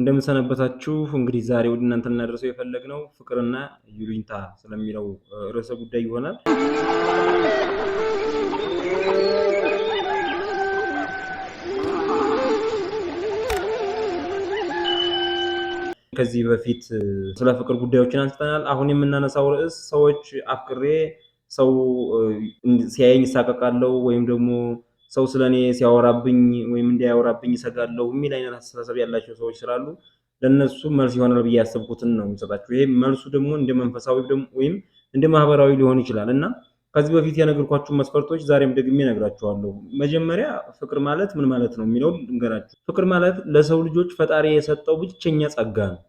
እንደምንሰነበታችሁ እንግዲህ ዛሬ ወደ እናንተ እናደርሰው የፈለግነው ፍቅርና ይሉኝታ ስለሚለው ርዕሰ ጉዳይ ይሆናል። ከዚህ በፊት ስለ ፍቅር ጉዳዮችን አንስተናል። አሁን የምናነሳው ርዕስ ሰዎች አፍቅሬ ሰው ሲያየኝ ይሳቀቃለው ወይም ደግሞ ሰው ስለ እኔ ሲያወራብኝ ወይም እንዲያወራብኝ ይሰጋለሁ የሚል አይነት አስተሳሰብ ያላቸው ሰዎች ስላሉ ለእነሱ መልስ ይሆናል ብዬ ያሰብኩትን ነው የምሰጣቸው። ይሄ መልሱ ደግሞ እንደ መንፈሳዊ ወይም እንደ ማህበራዊ ሊሆን ይችላል እና ከዚህ በፊት የነገርኳችሁ መስፈርቶች ዛሬም ደግሜ እነግራችኋለሁ። መጀመሪያ ፍቅር ማለት ምን ማለት ነው የሚለው እንገራችሁ። ፍቅር ማለት ለሰው ልጆች ፈጣሪ የሰጠው ብቸኛ ጸጋ ነው።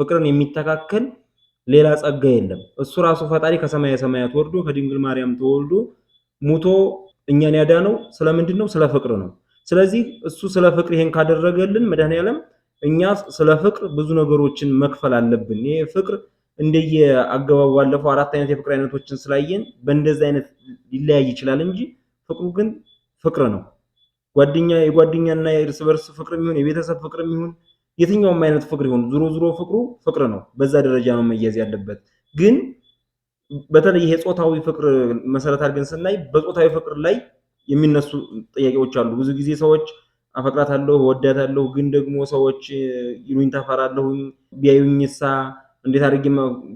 ፍቅርን የሚተካከል ሌላ ጸጋ የለም። እሱ ራሱ ፈጣሪ ከሰማየ ሰማያት ወርዶ ከድንግል ማርያም ተወልዶ ሙቶ እኛን ያዳነው ስለምንድን ነው? ስለ ፍቅር ነው። ስለዚህ እሱ ስለ ፍቅር ይሄን ካደረገልን መድኃኔዓለም እኛ ስለ ፍቅር ብዙ ነገሮችን መክፈል አለብን። ይሄ ፍቅር እንደየ አገባቡ ባለፈው አራት አይነት የፍቅር አይነቶችን ስላየን በእንደዚህ አይነት ሊለያይ ይችላል እንጂ ፍቅሩ ግን ፍቅር ነው። ጓደኛ የጓደኛና የእርስ በርስ ፍቅር የሚሆን የቤተሰብ ፍቅር የሚሆን የትኛውም አይነት ፍቅር ይሆን ዝሮ ዝሮ ፍቅሩ ፍቅር ነው። በዛ ደረጃ ነው መያዝ ያለበት ግን በተለይ ይሄ ጾታዊ ፍቅር መሰረት አድርገን ስናይ በጾታዊ ፍቅር ላይ የሚነሱ ጥያቄዎች አሉ። ብዙ ጊዜ ሰዎች አፈቅራታለሁ፣ እወዳታለሁ፣ ግን ደግሞ ሰዎች ይሉኝ ተፈራለሁ፣ ቢያዩኝሳ እንዴት አድርጌ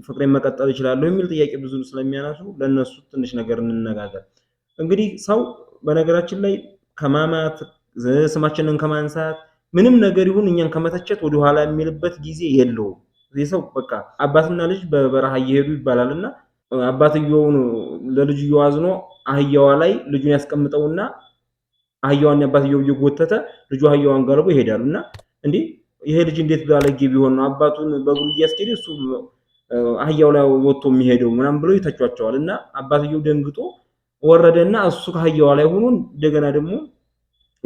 ፍቅሬን መቀጠል እችላለሁ የሚል ጥያቄ ብዙ ስለሚያነሱ ለእነሱ ትንሽ ነገር እንነጋገር። እንግዲህ ሰው በነገራችን ላይ ከማማት ስማችንን ከማንሳት ምንም ነገር ይሁን እኛን ከመተቸት ወደኋላ የሚልበት ጊዜ የለውም። ሰው በቃ አባትና ልጅ በበረሃ እየሄዱ ይባላል እና አባትየውን ለልጅየው አዝኖ አህያዋ ላይ ልጁን ያስቀምጠውና አህያዋን አባትየው እየጎተተ ልጁ አህያዋን ጋልቦ ይሄዳሉ እና እንዲህ ይሄ ልጅ እንዴት ባለጌ ቢሆን ነው አባቱን በእግሩ እያስኬደ እሱ አህያው ላይ ወጥቶ የሚሄደው ምናምን ብለው ይተቿቸዋል። እና አባትየው ደንግጦ ወረደና እሱ ከአህያዋ ላይ ሆኖ እንደገና ደግሞ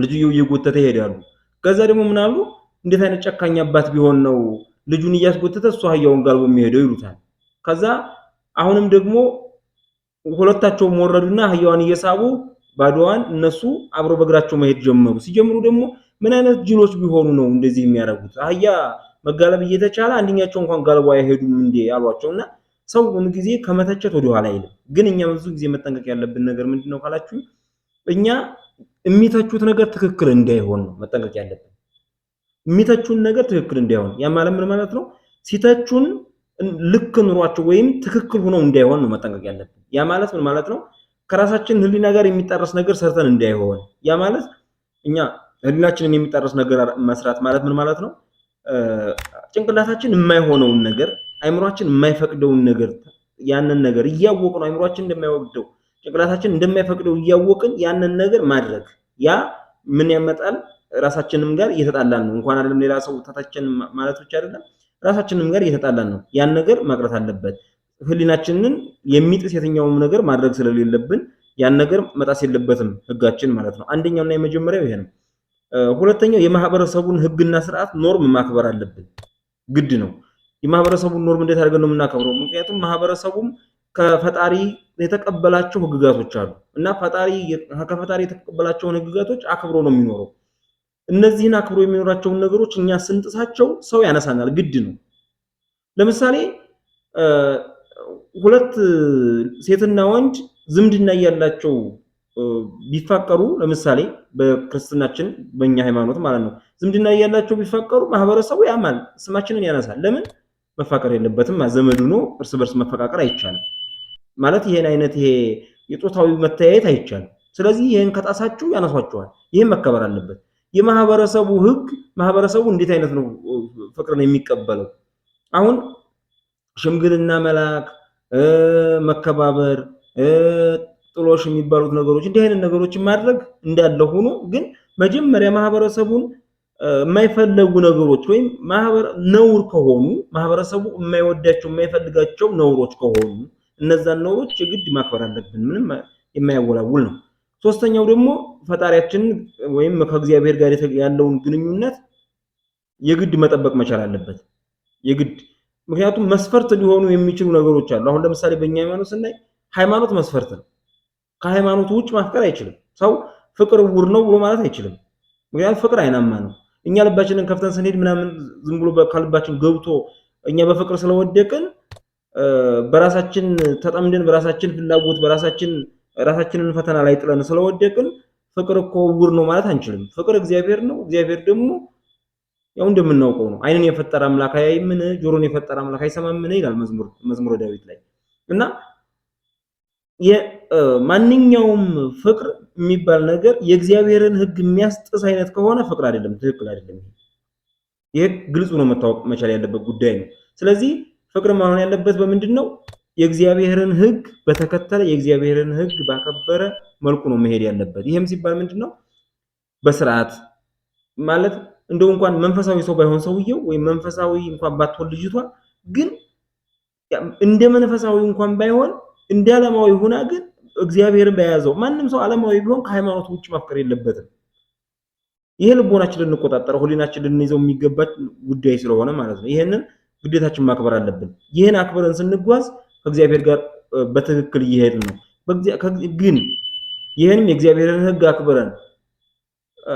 ልጅየው እየጎተተ ይሄዳሉ። ከዛ ደግሞ ምናሉ እንዴት አይነት ጨካኝ አባት ቢሆን ነው ልጁን እያስጎተተ እሱ አህያውን ጋልቦ የሚሄደው ይሉታል። ከዛ አሁንም ደግሞ ሁለታቸውም ወረዱና አህያዋን እየሳቡ ባዶዋን እነሱ አብሮ በእግራቸው መሄድ ጀመሩ። ሲጀምሩ ደግሞ ምን አይነት ጅሎች ቢሆኑ ነው እንደዚህ የሚያደርጉት? አህያ መጋለብ እየተቻለ አንደኛቸው እንኳን ጋልቦ አይሄዱም እንዴ አሏቸው። እና ሰው ጊዜ ከመተቸት ወደኋላ አይልም። ግን እኛ ብዙ ጊዜ መጠንቀቅ ያለብን ነገር ምንድን ነው ካላችሁ እኛ የሚተቹት ነገር ትክክል እንዳይሆን ነው መጠንቀቅ ያለብን። የሚተቹን ነገር ትክክል እንዳይሆን ያ ማለት ምን ማለት ነው? ሲተቹን ልክ ኑሯቸው ወይም ትክክል ሆኖ እንዳይሆን ነው መጠንቀቅ ያለብን። ያ ማለት ምን ማለት ነው? ከራሳችን ህሊና ጋር የሚጣረስ ነገር ሰርተን እንዳይሆን። ያ ማለት እኛ ህሊናችንን የሚጣረስ ነገር መስራት ማለት ምን ማለት ነው? ጭንቅላታችን የማይሆነውን ነገር፣ አይምሯችን የማይፈቅደውን ነገር ያንን ነገር እያወቅን አይምሯችን እንደማይወቅደው ጭንቅላታችን እንደማይፈቅደው እያወቅን ያንን ነገር ማድረግ ያ ምን ያመጣል? ራሳችንም ጋር እየተጣላን ነው። እንኳን አይደለም ሌላ ሰው ታታችን ማለት ብቻ አይደለም ራሳችንም ጋር እየተጣላን ነው። ያን ነገር መቅረት አለበት። ህሊናችንን የሚጥስ የትኛውም ነገር ማድረግ ስለሌለብን ያን ነገር መጣስ የለበትም ህጋችን ማለት ነው። አንደኛውና የመጀመሪያው ይሄ ነው። ሁለተኛው የማህበረሰቡን ህግና ስርዓት ኖርም ማክበር አለብን፣ ግድ ነው። የማህበረሰቡን ኖርም እንዴት አድርገን ነው የምናከብረው? ምክንያቱም ማህበረሰቡም ከፈጣሪ የተቀበላቸው ህግጋቶች አሉ እና ፈጣሪ ከፈጣሪ የተቀበላቸውን ህግጋቶች አክብሮ ነው የሚኖረው እነዚህን አክብሮ የሚኖራቸውን ነገሮች እኛ ስንጥሳቸው ሰው ያነሳናል። ግድ ነው። ለምሳሌ ሁለት ሴትና ወንድ ዝምድና እያላቸው ቢፋቀሩ ለምሳሌ በክርስትናችን በእኛ ሃይማኖት ማለት ነው። ዝምድና እያላቸው ቢፋቀሩ ማህበረሰቡ ያማል፣ ስማችንን ያነሳል። ለምን መፋቀር የለበትም ዘመድ ነው። እርስ በርስ መፈቃቀር አይቻልም ማለት ይሄን አይነት ይሄ የጾታዊ መተያየት አይቻልም። ስለዚህ ይሄን ከጣሳችሁ ያነሷችኋል። ይህም መከበር አለበት። የማህበረሰቡ ህግ ማህበረሰቡ እንዴት አይነት ነው ፍቅርን የሚቀበለው? አሁን ሽምግልና መላክ፣ መከባበር፣ ጥሎሽ የሚባሉት ነገሮች እንዲህ አይነት ነገሮችን ማድረግ እንዳለ ሆኖ ግን መጀመሪያ ማህበረሰቡን የማይፈለጉ ነገሮች ወይም ነውር ከሆኑ ማህበረሰቡ የማይወዳቸው የማይፈልጋቸው ነውሮች ከሆኑ እነዛን ነውሮች የግድ ማክበር አለብን። ምንም የማያወላውል ነው። ሶስተኛው ደግሞ ፈጣሪያችንን ወይም ከእግዚአብሔር ጋር ያለውን ግንኙነት የግድ መጠበቅ መቻል አለበት። የግድ ምክንያቱም መስፈርት ሊሆኑ የሚችሉ ነገሮች አሉ። አሁን ለምሳሌ በእኛ ሃይማኖት ስናይ ሃይማኖት መስፈርት ነው። ከሃይማኖቱ ውጭ ማፍቀር አይችልም። ሰው ፍቅር ውር ነው ብሎ ማለት አይችልም። ምክንያቱም ፍቅር አይናማ ነው። እኛ ልባችንን ከፍተን ስንሄድ ምናምን ዝም ብሎ ከልባችን ገብቶ እኛ በፍቅር ስለወደቅን በራሳችን ተጠምደን በራሳችን ፍላጎት በራሳችን ራሳችንን ፈተና ላይ ጥለን ስለወደቅን ፍቅር እኮ ውር ነው ማለት አንችልም። ፍቅር እግዚአብሔር ነው። እግዚአብሔር ደግሞ ያው እንደምናውቀው ነው። ዓይንን የፈጠረ አምላክ አያይምን? ጆሮን የፈጠረ አምላክ አይሰማምን? ይላል መዝሙር መዝሙረ ዳዊት ላይ እና የማንኛውም ፍቅር የሚባል ነገር የእግዚአብሔርን ሕግ የሚያስጥስ አይነት ከሆነ ፍቅር አይደለም፣ ትክክል አይደለም። ይሄ ግልጹ ነው፣ መታወቅ መቻል ያለበት ጉዳይ ነው። ስለዚህ ፍቅር መሆን ያለበት በምንድን ነው? የእግዚአብሔርን ሕግ በተከተለ የእግዚአብሔርን ሕግ ባከበረ መልኩ ነው መሄድ ያለበት። ይህም ሲባል ምንድን ነው? በስርዓት ማለት እንደው እንኳን መንፈሳዊ ሰው ባይሆን ሰውየው ወይም መንፈሳዊ እንኳን ባትሆን ልጅቷ ግን እንደ መንፈሳዊ እንኳን ባይሆን እንደ ዓለማዊ ሆና ግን እግዚአብሔርን በያዘው ማንም ሰው ዓለማዊ ቢሆን ከሃይማኖት ውጭ ማፍቀር የለበትም። ይሄ ልቦናችን ልንቆጣጠረው ሁሊናችን ልንይዘው የሚገባ ጉዳይ ስለሆነ ማለት ነው። ይሄንን ግዴታችን ማክበር አለብን። ይህን አክብረን ስንጓዝ ከእግዚአብሔር ጋር በትክክል እየሄድን ነው። ግን ይህንም የእግዚአብሔርን ሕግ አክብረን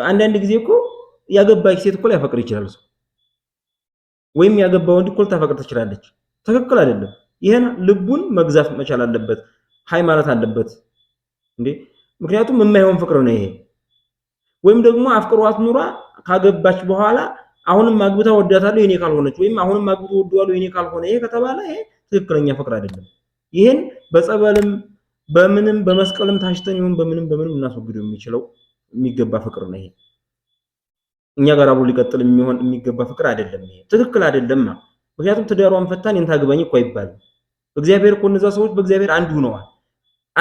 አንዳንድ ጊዜ እኮ ያገባች ሴት እኮ ሊያፈቅር ይችላል ሰው ወይም ያገባ ወንድ እኮ ልታፈቅር ትችላለች። ትክክል አይደለም። ይህን ልቡን መግዛት መቻል አለበት፣ ሃይማኖት አለበት እንዴ። ምክንያቱም የማይሆን ፍቅር ነው ይሄ። ወይም ደግሞ አፍቅሯት ኑሯ ካገባች በኋላ አሁንም አግብታ ወዳታለሁ የኔ ካልሆነች ወይም አሁንም አግብቶ ወዷለሁ የኔ ካልሆነ ይሄ ከተባለ ይሄ ትክክለኛ ፍቅር አይደለም። ይህን በጸበልም በምንም በመስቀልም ታሽተን ይሁን በምንም በምንም እናስወግደው የሚችለው የሚገባ ፍቅር ነው። ይሄ እኛ ጋር አብሮ ሊቀጥል የሚሆን የሚገባ ፍቅር አይደለም። ይሄ ትክክል አይደለም። ምክንያቱም ትዳሯን ፈታን የንታ ግባኝ እኮ አይባልም። እግዚአብሔር እኮ እነዛ ሰዎች በእግዚአብሔር አንድ ሆነዋል።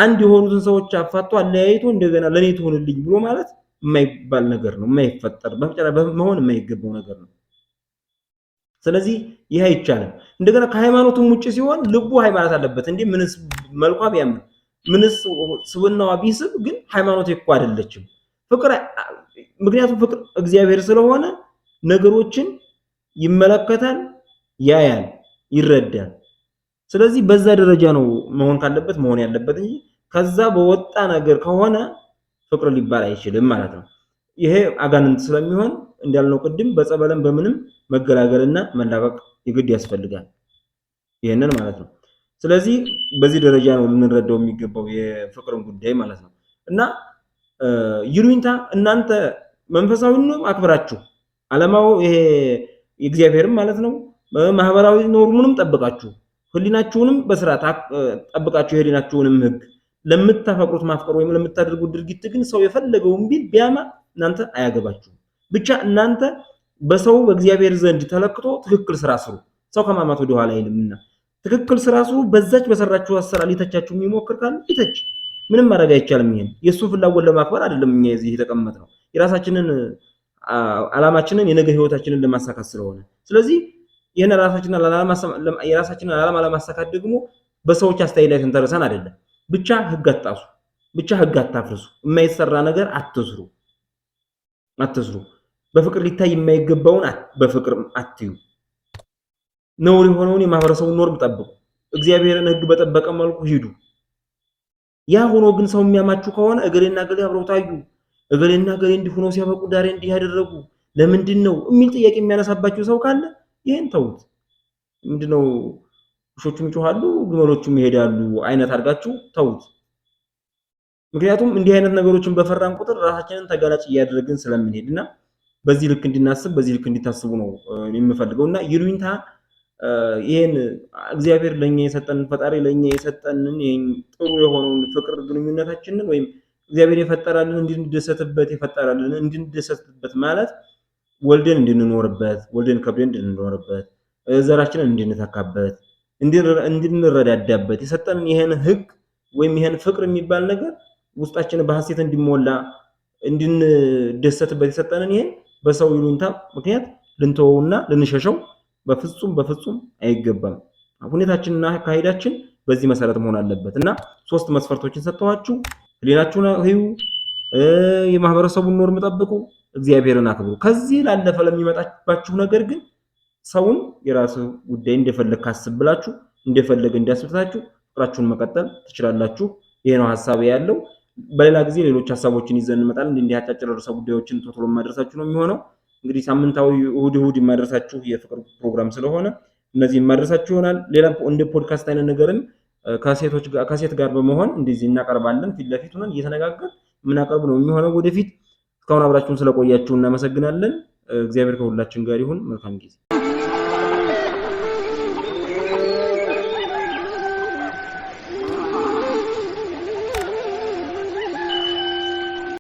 አንድ የሆኑትን ሰዎች አፋቶ አለያይቶ እንደገና ለእኔ ትሆንልኝ ብሎ ማለት የማይባል ነገር ነው። የማይፈጠር መሆን የማይገባው ነገር ነው። ስለዚህ ይህ አይቻልም። እንደገና ከሃይማኖቱም ውጭ ሲሆን ልቡ ሃይማኖት አለበት። እንዴ? ምንስ መልኳ ቢያምር ምንስ ስብናዋ ቢስብ ግን ሃይማኖት እኮ አይደለችም። ፍቅር ምክንያቱም ፍቅር እግዚአብሔር ስለሆነ ነገሮችን ይመለከታል፣ ያያል፣ ይረዳል። ስለዚህ በዛ ደረጃ ነው መሆን ካለበት መሆን ያለበት እንጂ ከዛ በወጣ ነገር ከሆነ ፍቅር ሊባል አይችልም ማለት ነው። ይሄ አጋንንት ስለሚሆን እንዳልነው ቅድም በጸበለም በምንም መገላገልና መላቀቅ የግድ ያስፈልጋል። ይህንን ማለት ነው። ስለዚህ በዚህ ደረጃ ነው ልንረዳው የሚገባው የፍቅርን ጉዳይ ማለት ነው። እና ይሉኝታ እናንተ መንፈሳዊ ነው አክብራችሁ አለማው ይሄ እግዚአብሔርም ማለት ነው ማህበራዊ ኖርሙንም ጠብቃችሁ ህሊናችሁንም በስርዓት ጠብቃችሁ የህሊናችሁንም ህግ ለምታፈቅሩት ማፍቀር ወይም ለምታደርጉት ድርጊት ግን ሰው የፈለገውን ቢል ቢያማ እናንተ አያገባችሁም። ብቻ እናንተ በሰው በእግዚአብሔር ዘንድ ተለክቶ ትክክል ስራ ስሩ። ሰው ከማማት ወደ ኋላ አይልምና ትክክል ስራ ስሩ። በዛች በሰራችሁ አሰራ ሊተቻችሁ የሚሞክር ካለ ሊተች፣ ምንም ማድረግ አይቻልም። ይሄን የእሱን ፍላጎት ለማክበር አይደለም እኛ እዚህ የተቀመጥ ነው የራሳችንን አላማችንን የነገ ህይወታችንን ለማሳካት ስለሆነ ስለዚህ ይህን የራሳችንን አላማ ለማሳካት ደግሞ በሰዎች አስተያየት ላይ ተንተርሰን አይደለም። ብቻ ህግ አጣሱ፣ ብቻ ህግ አታፍርሱ፣ የማይሰራ ነገር አትስሩ አትስሩ። በፍቅር ሊታይ የማይገባውን በፍቅር አትዩ። ነውር የሆነውን የማህበረሰቡን ኖርም ጠብቁ። እግዚአብሔርን ሕግ በጠበቀ መልኩ ሂዱ። ያ ሆኖ ግን ሰው የሚያማችሁ ከሆነ እገሌና እገሌ አብረው ታዩ፣ እገሌና እገሌ እንዲህ ሆኖ ሲያበቁ ዳሬ እንዲህ ያደረጉ ለምንድን ነው የሚል ጥያቄ የሚያነሳባቸው ሰው ካለ ይህን ተዉት። ምንድነው ነው ውሾቹም ይጮሃሉ፣ ግመሎቹም ይሄዳሉ አይነት አድርጋችሁ ተዉት። ምክንያቱም እንዲህ አይነት ነገሮችን በፈራን ቁጥር ራሳችንን ተጋላጭ እያደረግን ስለምንሄድና? በዚህ ልክ እንድናስብ በዚህ ልክ እንድታስቡ ነው የምፈልገው እና ይሉኝታ ይህን እግዚአብሔር ለእኛ የሰጠንን ፈጣሪ ለእኛ የሰጠንን ይህን ጥሩ የሆነውን ፍቅር ግንኙነታችንን ወይም እግዚአብሔር የፈጠራልን እንድንደሰትበት የፈጠራልን እንድንደሰትበት ማለት ወልደን እንድንኖርበት ወልደን ከብደን እንድንኖርበት ዘራችንን እንድንተካበት እንድንረዳዳበት የሰጠንን ይህን ህግ ወይም ይህን ፍቅር የሚባል ነገር ውስጣችን በሐሴት እንዲሞላ እንድንደሰትበት የሰጠንን ይህን በሰው ይሉንታ ምክንያት ልንተወውና ልንሸሸው በፍጹም በፍጹም አይገባም። ሁኔታችንና አካሄዳችን በዚህ መሰረት መሆን አለበት እና ሶስት መስፈርቶችን ሰጠኋችሁ። ህሊናችሁን ህዩ፣ የማህበረሰቡን ኖርም ጠብቁ፣ እግዚአብሔርን አክብሩ። ከዚህ ላለፈ ለሚመጣባችሁ ነገር ግን ሰውን የራስ ጉዳይ እንደፈለግ ካስብ ብላችሁ እንደፈለገ እንዲያስብታችሁ ፍቅራችሁን መቀጠል ትችላላችሁ። ይሄ ነው ያለው። በሌላ ጊዜ ሌሎች ሀሳቦችን ይዘን እንመጣለን። እንዲህ አጫጭር ርዕሰ ጉዳዮችን ቶሎ የማደርሳችሁ ነው የሚሆነው። እንግዲህ ሳምንታዊ እሁድ እሁድ የማደርሳችሁ የፍቅር ፕሮግራም ስለሆነ እነዚህ የማደርሳችሁ ይሆናል። ሌላ እንደ ፖድካስት አይነት ነገርን ከሴት ጋር በመሆን እንደዚህ እናቀርባለን። ፊት ለፊት ሆነን እየተነጋገር የምናቀርብ ነው የሚሆነው ወደፊት። እስካሁን አብራችሁን ስለቆያችሁ እናመሰግናለን። እግዚአብሔር ከሁላችን ጋር ይሁን። መልካም ጊዜ